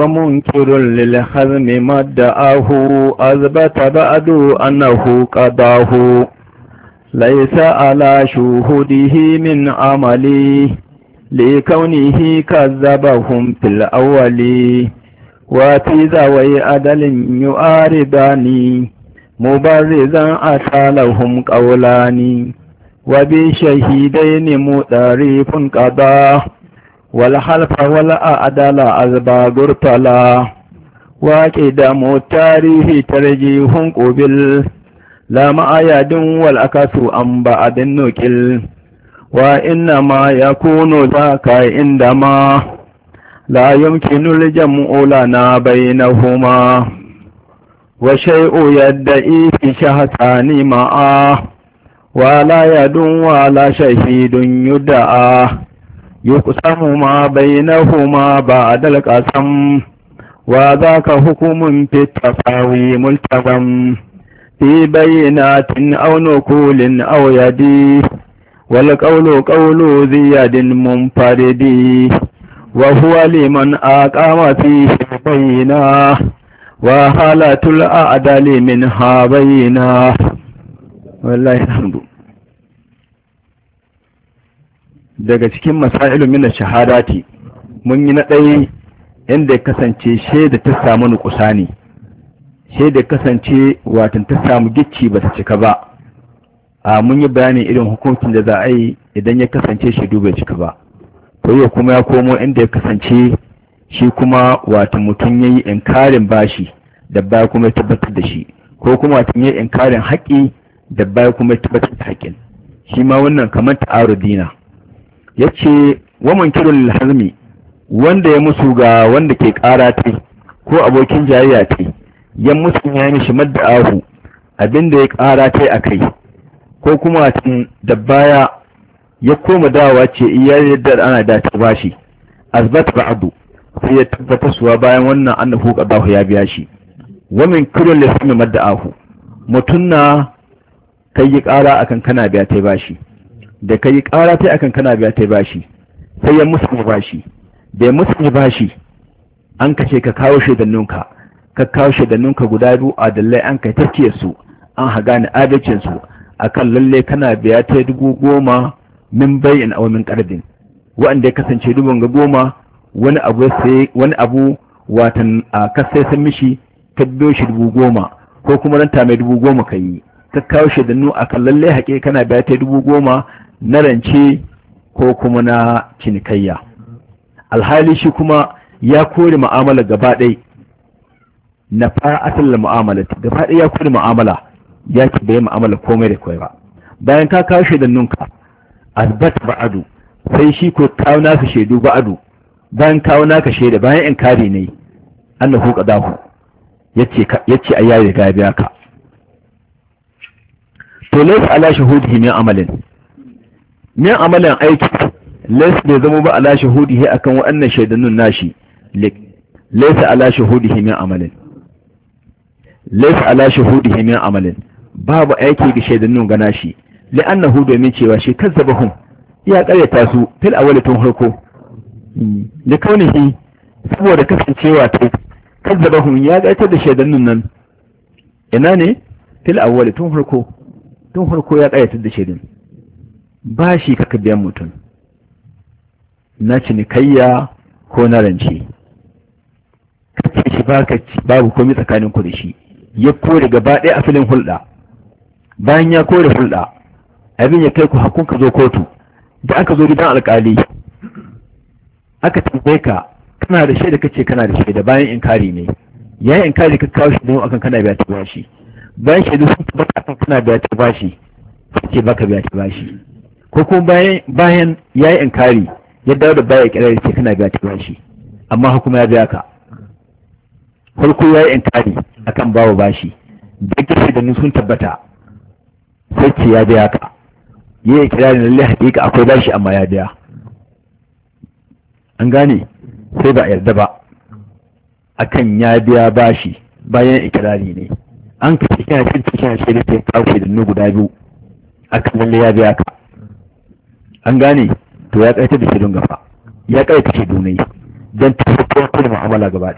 ومنكر للحزم ما ادعاه أثبت بعد أنه قضاه ليس على شهوده من عملي لكونه كذبهم في الأول وفي ذوي أدل يعارضاني مبرزا أتى لهم قولاني وبشهيدين متعرف قضاه wal halfa wal adala azba gurtala waqi da mu tarihi tarji hun qubil la ma ayadun wal akasu am ba'adun nuqil wa inna ma yakunu zaka indama la yumkinu jam'u lana bainahuma wa shay'u yad'i fi shahatani ma'a wa la yadun wa la shahidun yud'a يقسم ما بينهما بعد القسم وذاك حكم في التساوي ملتزم في بينات أو نقول أو يدي والقول قول زياد منفرد وهو لمن أقام فيه بينا وحالة الأعدل منها بينا والله الحمد daga cikin masailu min shahadati mun yi na ɗaya inda ya kasance shaida ta samu nukusani shaida kasance watan ta samu gicci ba ta cika ba a mun yi bayanin irin hukuncin da za a yi idan ya kasance shi bai cika ba to yau kuma ya komo inda ya kasance shi kuma watan mutum ya yi inkarin bashi da baya kuma ya tabbatar da shi ko kuma watan ya yi inkarin haƙi da baya kuma ya tabbatar da haƙin shi ma wannan kamar ta'arudina Ya ce, wa munkirin lalmi wanda ya musu ga wanda ke ƙara ta ko abokin jayayya ta musu ya mishi madda'ahu abinda ya ƙara ta kai, ko kuma da baya ya koma dawa ce iya yadda ana da ta bashi azbat ba'du sai ya tabbata suwa bayan wannan annahu bahu ya biya shi wa min kullin lismi madda'ahu mutunna kai yi ƙara akan kana biya ta bashi da yi ƙara ta akan kana biya ta bashi sai ya musu bashi da ya musu bashi an kashe ka kawo shaidannunka ka kawo shaidannunka guda biyu a dallai an kai tafkiyar su an haga ni adalcin su akan lalle kana biya ta dubu goma min bayin aw min ƙarfin, wanda ya kasance dubu ga goma wani abu sai wani abu watan a kasai san mishi ka biyo shi dubu goma ko kuma ranta mai dubu goma ka yi ka kawo shaidannu a kan lalle haƙe kana biya ta dubu goma na rance ko kuma na cinikayya alhali shi kuma ya kori mu'amala gaba ɗai na asalin mu'amala gaba ɗai ya kori mu'amala ya ce bai mu'amala komai da kwaiwa ba bayan ka kawo shaidannunka ba ba'adu sai shi ko kawo naka shaidu ba'adu bayan kawo naka shaida bayan in kare ne annahu ya yace a ayyari ga biya ka to laysa ala shuhudihi himin amalin min amalan aiki laysa bai zama ba ala shahudihi akan wa'annan shaidannun nashi laysa ala shahudihi min amalin laysa ala shahudihi min amalin? babu aiki ga shaidannun ga nashi li'annahu domin cewa shi hum. ya karyata su fil awwalatin harko da kaunihi saboda kasancewa ta hum ya gaitar da shaidannun nan ina ne fil awwali tun harko tun harko ya gaitar da shaidannun ba shi kaka biyan mutum na cinikayya ko na rance kace shi babu komai tsakanin ku da shi ya kore gaba ɗaya a filin hulɗa bayan ya kore hulɗa abin ya kai ku hakun ka zo kotu da aka zo gidan alkali aka tambaye ka kana da shaida kace kana da shaida bayan inkari ne in inkari ka kawo shi akan kana biya ta bashi bayan shaidu sun tabbata akan kana biya ta bashi kace baka biya ta bashi ko kuma bayan ya yi inkari ya dawo da baya kirari ce kana ga cikin shi, amma hukuma ya biya ka farko ya inkari akan bawo bashi da kike da sun tabbata sai ce ya biya ka yayi kirari lalle hakika akwai bashi amma ya biya an gane sai ba a yarda ba akan ya biya bashi bayan ikirari ne an ka cikin cikin cikin cikin da ta kawo da nugu guda biyu akan lalle ya biya ka an gane to ya kaita da shirin gaba ya kaita shi dunai don ta fi kuma amala gaba